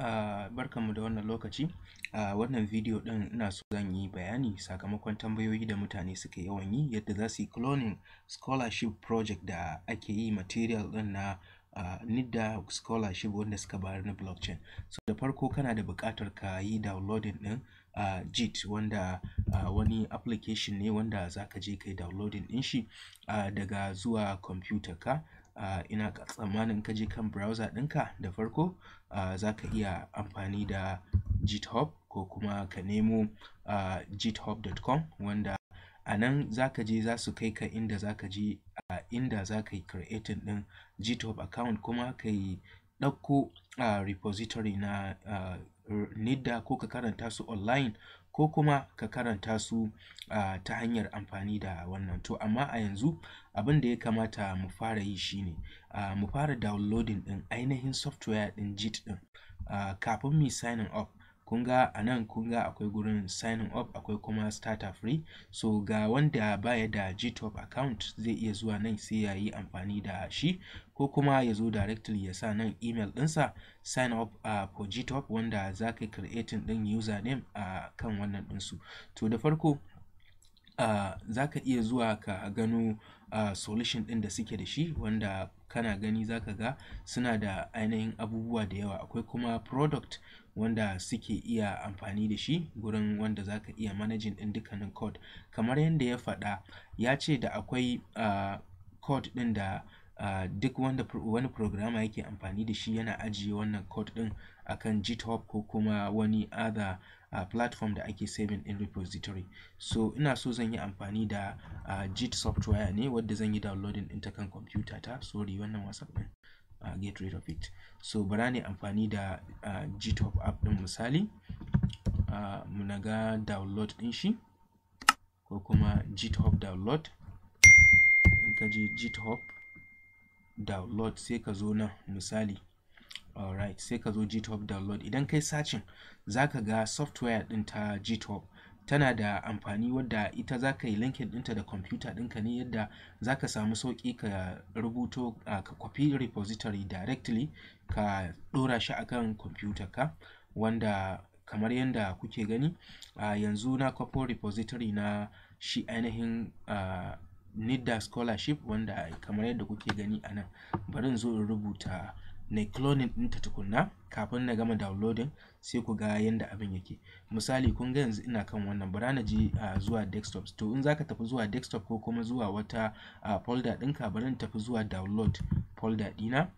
Ah, barkanmu da wannan lokaci. A ah, wannan bidiyo ɗin ina so zan yi bayani sakamakon tambayoyi da mutane suka yawan yi yadda za su yi cloning scholarship project da ake yi material ɗin na uh, ah, NIDDA scholarship wanda suka bayar na blockchain. So da farko kana da buƙatar ka yi downloading ɗin uh, JIT wanda uh, wani application ne wanda za ka je ka yi downloading ɗin shi uh, daga zuwa computer ka. uh, ina tsammanin ka je kan browser ɗinka da farko uh, za ka iya amfani da github ko kuma ka nemo uh, ah, github.com wanda a nan za ka je za su kai ka inda za ka je uh, inda za ka yi creating ɗin github account kuma ka yi ɗauko uh, repository na uh, nidda ko ka karanta su online ko kuma ka karanta su a ta hanyar amfani da wannan to amma a yanzu abin da ya kamata mu fara yi shine ne mu fara downloading ɗin ainihin software din JIT ɗin kafin mu signing up kun ga a nan kun ga akwai gurin signing up akwai kuma starter free so ga wanda baya da jitop account zai iya zuwa nan sai ya yi amfani da shi ko kuma ya zo directly ya sa nan email ɗinsa sign up a uh, for github wanda za ka creating ɗin username a uh, kan wannan ɗinsu to da farko uh, za ka iya zuwa ka gano uh, solution ɗin da suke da shi wanda kana gani za ka ga suna da ainihin abubuwa da yawa akwai kuma product wanda suke iya amfani da shi gurin wanda za ka iya managing ɗin dukkanin code kamar yadda ya faɗa ya ce da akwai uh, code ɗin da duk wanda wani programmer yake amfani da shi yana ajiye wannan code ɗin akan GitHub ko kuma wani other uh, platform da ake saving in repository so ina so zan yi amfani da uh, git software ne wadda zan yi downloading ɗin ta kan ta sorry wannan whatsapp ɗin uh, get rid of it so bara ne amfani da uh, github app ɗin misali uh, muna ga download ɗin shi ko kuma github download in ka je github download sai ka zo nan misali alright sai ka zo github download idan kai sacin za ka ga software ɗin ta github tana da amfani wadda ita za ka yi linkin ta da kwamfuta ɗinka ne yadda za ka samu sauki ka rubuto ka copy repository directly ka ɗora shi akan computer ka wanda kamar yadda kuke gani yanzu na copy repository na shi ainihin uh, NIDA scholarship wanda kamar yadda kuke gani a nan bari zo in rubuta neclonin ɗinta tukunna kafin na gama downloading sai ku ga yadda abin yake misali kun ga yanzu ina kan wannan bari na je ah, zuwa desktop to in zaka tafi zuwa desktop ko kuma zuwa wata uh, folder ɗinka bari in tafi zuwa download folder ɗina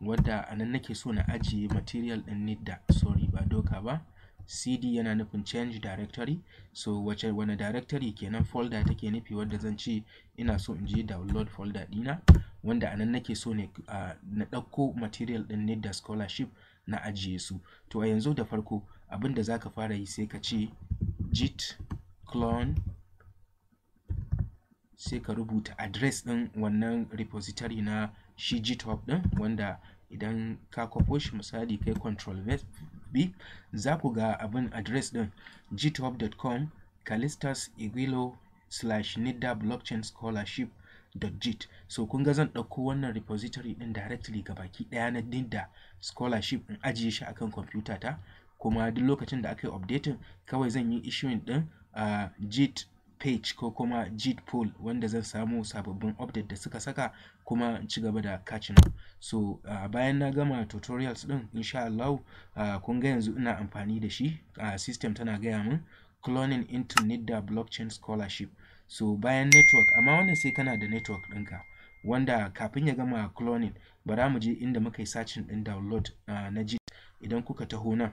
wadda anan nake so na ajiye material ɗin nidda sorry ba doka ba cd yana nufin change directory so wace wani directory kenan folder take nufi wadda zan ce ina so in je download folder dina wanda anan nake so ne uh, na ɗauko material ɗin ne da scholarship na ajiye su to a yanzu da farko abin da za fara yi sai ka ce git clone sai ka rubuta address ɗin wannan repository na shi github ɗin wanda idan ka kwafo shi misali kai control v bi za ku ga abin adres ɗin github.com calistus igwilo slash nida blockchain scholarship .git so kun ga zan ɗauko wannan repository ɗin directly ga baki ɗaya na dinda scholarship in ajiye shi akan computer ta kuma duk lokacin da aka yi updating kawai zan yi issuing ɗin uh, git page ko kuma git poll wanda zan samu sababbin update da suka saka kuma in gaba da catching up so uh, bayan na gama tutorials din insha Allah uh, kun ga yanzu ina amfani da shi uh, system tana gaya min cloning into NIDA blockchain scholarship so bayan network amma wannan sai kana da network ɗinka wanda kafin ya gama cloning bara mu je inda muka yi sacin ɗin download uh, na git idan kuka taho nan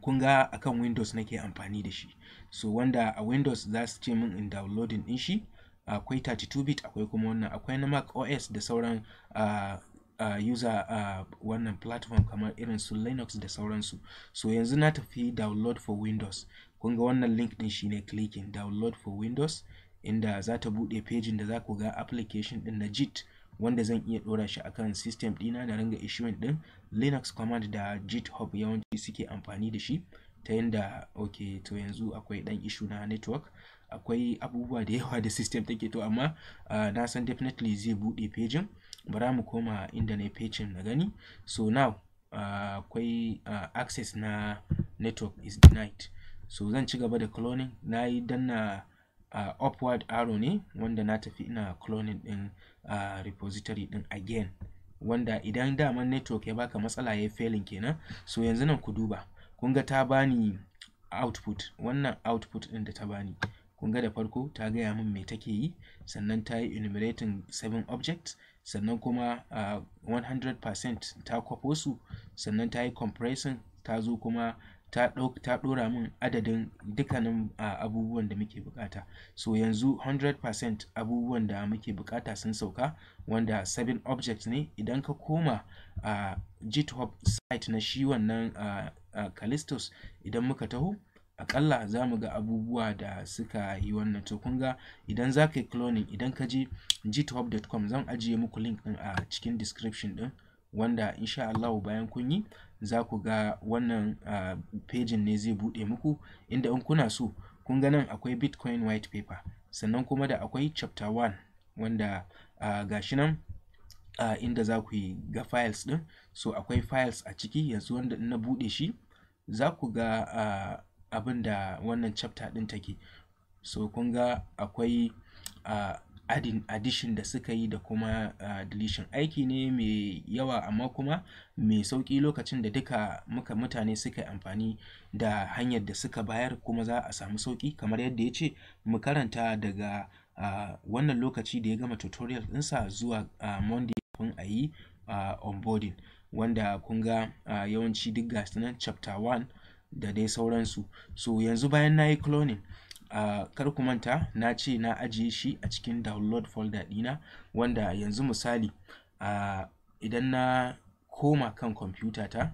kun ga akan windows nake amfani da shi so wanda a windows za su ce min in downloading din shi akwai 32 bit akwai kuma wannan akwai na mac os da sauran uh, uh, user uh, wannan platform kamar irin su linux da sauransu so yanzu na tafi download for windows kun ga wannan link din shine clicking download for windows inda za ta buɗe pejin da za ku ga application din na jit wanda zan iya ɗora shi akan system ɗina na ringa issuing ɗin linux command da github yawanci suke amfani da shi ta yanda ok to yanzu akwai ɗan issue na network akwai abubuwa da yawa da system take to amma uh, na san definitely zai buɗe pejin bara mu koma inda na pejin na gani so now akwai uh, uh, access na network is denied so zan ci gaba da cloning na yi danna uh, upward arrow ne wanda na tafi ina cloning din uh, repository din again wanda idan daman network ya baka matsala ya failing kenan so yanzu nan ku duba kun ga ta bani output wannan output din da ta bani kun ga da farko ta gaya min me take yi sannan ta yi enumerating 7 objects sannan kuma uh, 100% ta kwafo su sannan ta yi compressing ta zo kuma ta ɗora min adadin dukkanin abubuwan da muke bukata so yanzu 100% abubuwan da muke bukata sun sauka wanda 7 objects ne idan ka koma a github site na shi wannan kalistus idan muka taho akalla za mu ga abubuwa da suka yi wannan to kun ga idan za ka yi cloning idan ka je github.com zan ajiye muku link ɗin a cikin description din wanda insha Allahu bayan kun yi za ku ga wannan pejin ne zai buɗe muku inda in kuna so kun ga nan akwai bitcoin white paper sannan kuma da akwai chapter 1 wanda ga gashi nan inda za ku yi ga files ɗin so akwai files a ciki yanzu wanda na buɗe shi za ku ga abin da wannan chapter ɗin take so kun ga akwai adding addition da suka yi da kuma uh, deletion aiki ne mai yawa amma kuma mai sauƙi lokacin da duka muka mutane suka yi amfani da hanyar da suka bayar kuma za a samu sauƙi kamar yadda ya ce mu karanta daga uh, wannan lokaci da ya gama tutorial ɗinsa zuwa uh, monday kafin a yi uh, onboarding wanda kun ga uh, yawanci duk gasu nan chapter 1 da dai sauransu so yanzu bayan na yi cloning kar ku manta na ce na ajiye shi a cikin download folder dina wanda yanzu misali uh, idan na koma kan kwamfuta ta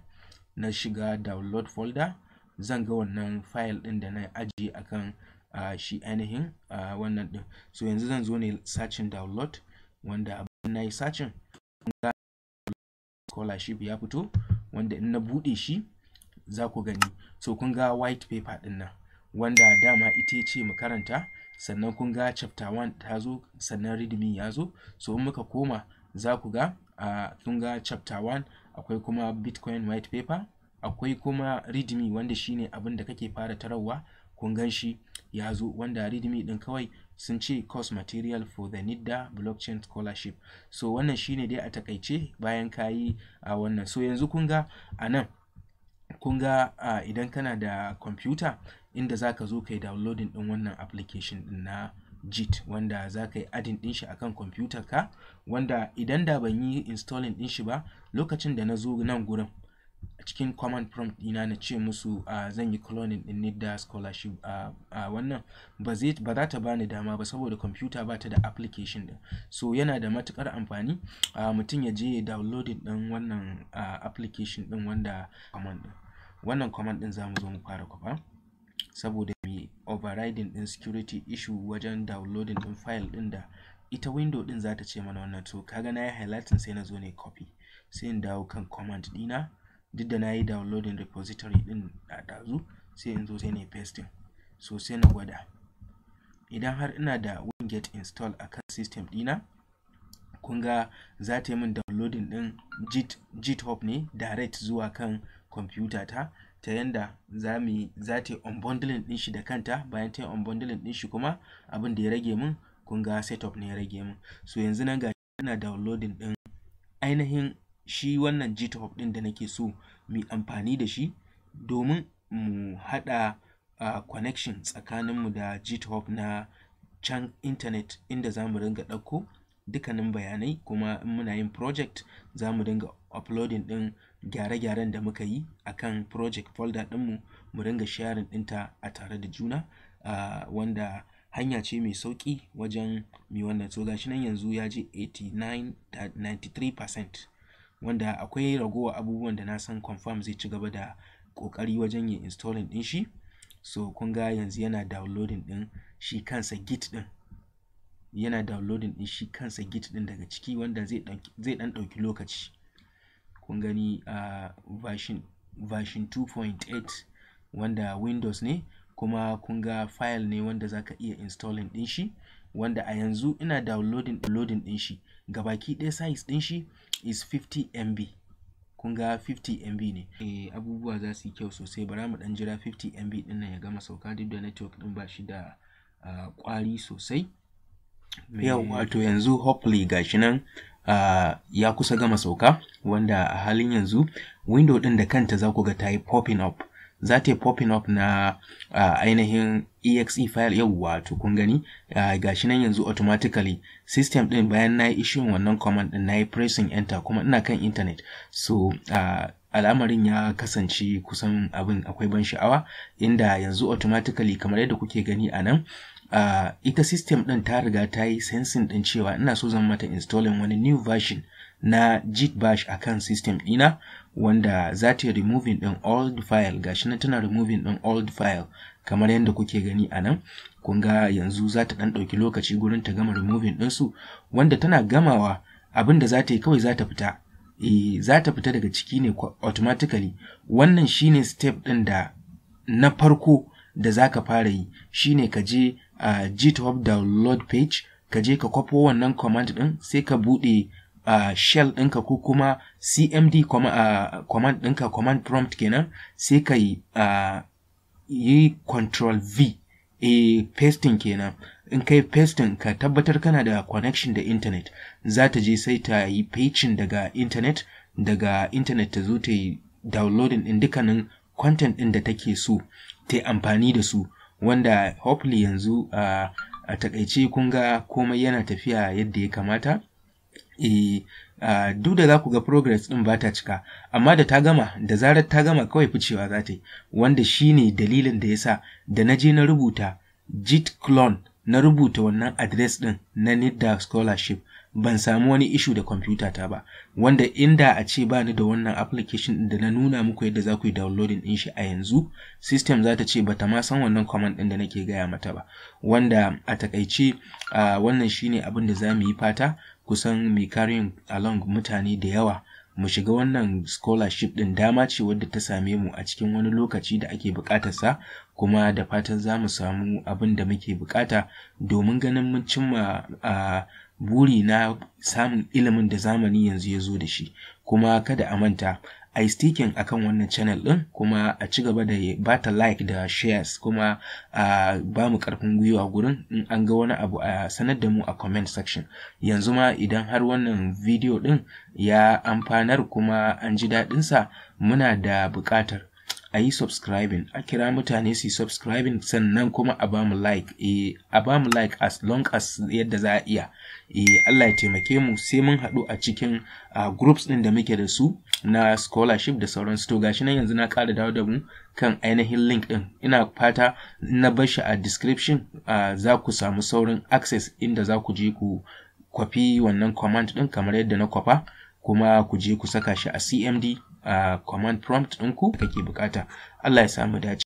na shiga download folder zan ga wannan file ɗin da na ajiye akan uh, shi ainihin uh, wannan din so yanzu zan zo ne sacin download wanda abin na yi sacin scholarship ya fito wanda in na buɗe shi za ku gani so kun ga white paper din nan wanda dama ita ce mu karanta sannan kun ga chapter 1 ta zo sannan readme ya zo so in muka koma za ku ga kun ga chapter 1 akwai kuma bitcoin white paper akwai kuma readme wanda shine abin da kake fara tarawa kun gan shi ya zo wanda readme din kawai sun ce Cost material for the NIDA blockchain scholarship so wannan shine dai a takaice bayan kayi a wannan so yanzu kun ga a nan kun ga idan kana da kwamfuta inda za ka zo ka yi downloading ɗin wannan application ɗin na JIT wanda za ka yi adin ɗin shi akan computer ka wanda idan da ban yi installing ɗin shi ba lokacin da na zo nan gurin cikin command prompt ina na ce musu uh, zan yi cloning ɗin da scholarship a uh, uh, ah, wannan ba za ta bani dama ba saboda kwamfuta ba ta da application ɗin so yana da matukar amfani uh, mutum ya je ya downloading ɗin wannan uh, application ɗin wanda command ɗin wannan command ɗin za mu zo mu fara kwafa saboda mai overriding ɗin security issue wajen downloading din file ɗin da ita window ɗin za ta ce mana wannan to kaga na yi highlighting sai na zo na copy sai in dawo kan command ɗina duk da na yi downloading repository ɗin a ɗazu sai in zo sai na pasting so sai na gwada idan har ina da winget install a kan system ɗina kun ga za ta yi min downloading ɗin github ne direct zuwa kan computer ta ta yanda za mu za ta yi unbundling ɗin shi da kanta bayan ta yi unbundling ɗin shi kuma abin da ya rage min kun ga setup ne ya rage min so yanzu nan ga ina downloading ɗin ainihin shi wannan github ɗin da nake so mu amfani da shi domin mu haɗa uh, connection tsakaninmu da github na can internet inda za mu ringa ɗauko dukkanin bayanai kuma in muna yin project za mu dinga uploading ɗin gyare-gyaren da muka yi akan project folder ɗinmu mu ringa sharing ɗinta a tare da juna uh, wanda hanya ce mai sauƙi wajen mai wannan so gashi nan yanzu ya je 89.93% wanda akwai ragowa abubuwan da na san confirm zai ci gaba da ƙoƙari wajen yin installing ɗin shi so kun ga yanzu yana downloading ɗin shi kansa git ɗin yana downloading ɗin shi kansa git ɗin daga ciki wanda zai ɗan ɗauki lokaci kun gani a version 2.8 wanda windows ne kuma kun ga file ne wanda zaka iya installing din shi wanda a yanzu ina downloading loading din shi gabaki ɗaya size din shi is 50 mb kun ga 50 mb ne e, abubuwa za su yi kyau sosai bara mu dan jira 50 mb din nan ya gama sauka duk da network din ba shi da uh, kwari sosai Yau wato yanzu hopefully gashi nan uh, ya kusa gama sauka wanda a halin yanzu window din da kanta za ku ga ta yi popping up. Za ta yi popping up na uh, ainihin exe file yau, wato. kun gani uh, gashi nan yanzu automatically system ɗin bayan na yi issuing wannan command ɗin na yi pressing enter kuma ina kan internet. So uh, al'amarin ya kasance kusan abin akwai ban sha'awa inda yanzu automatically kamar yadda kuke gani a nan uh, ita system ɗin ta riga ta yi sensing ɗin cewa ina so zan mata installing wani new version na git bash akan system ɗina wanda za ta yi removing ɗin old file gashi na tana removing ɗin old file kamar yadda kuke gani a nan kun ga yanzu za ta ɗan ɗauki lokaci gurin ta gama removing su, wanda tana gamawa abin da za ta yi kawai za ta fita e, za ta fita daga ciki ne automatically wannan shine step ɗin da na farko da zaka fara yi shine ka je a github download page ka je ka kwafo wannan command ɗin sai ka bude a shell ɗinka ko kuma cmd command ɗinka command prompt kenan sai ka yi yi control v A pasting kenan in kai pasting ka tabbatar kana da connection da internet za ta je sai ta yi paging daga internet daga internet ta zo ta yi downloading ɗin dukkanin content ɗin da take so ta yi amfani da su wanda hopefully yanzu a takaice kun ga komai yana tafiya yadda ya kamata e uh, duk da za ku ga progress din ba ta cika amma da ta gama da zarar ta gama kawai ficewa za ta yi wanda shi ne dalilin da ya sa da na je na rubuta jit clone na rubuta wannan address din na nidda scholarship ban samu wani ishu da kwamfuta ta ba wanda inda a ce bani da wannan application din da na nuna muku yadda za ku yi downloading din shi a yanzu system za ta ce ba ta ma san wannan command din da nake gaya mata ba wanda a takaice uh, wannan shine abin da za mu yi fata kusan mai carrying along mutane da yawa mu shiga wannan scholarship din dama ce wadda ta same mu a cikin wani lokaci da ake sa kuma da fatan za mu samu abin da muke buƙata domin ganin mun cimma uh, buri na samun ilimin da zamani yanzu ya zo da shi kuma kada a manta a yi sticking a kan wannan channel ɗin kuma a ci gaba da ba ta like da shares kuma a ba mu ƙarfin gwiwa gurin in an ga wani abu a sanar da mu a comment section yanzu ma idan har wannan video ɗin ya amfanar kuma an ji daɗinsa muna da buƙatar a yi subscribing a kira mutane su yi subscribing sannan kuma a bamu like eh a bamu like as long as yadda za a iya eh Allah ya taimake mu sai mun haɗu a cikin uh, groups ɗin da muke da su na scholarship da sauran su. to gashi nan yanzu na ƙara dawo da mu kan ainihin link din. ina fata na bar shi a description uh, za ku samu saurin access inda za ku je ku kwafi wannan command din kamar yadda na kwafa kuma ku je ku saka shi a CMD command prompt ɗinku da kake buƙata. Allah ya samu dace.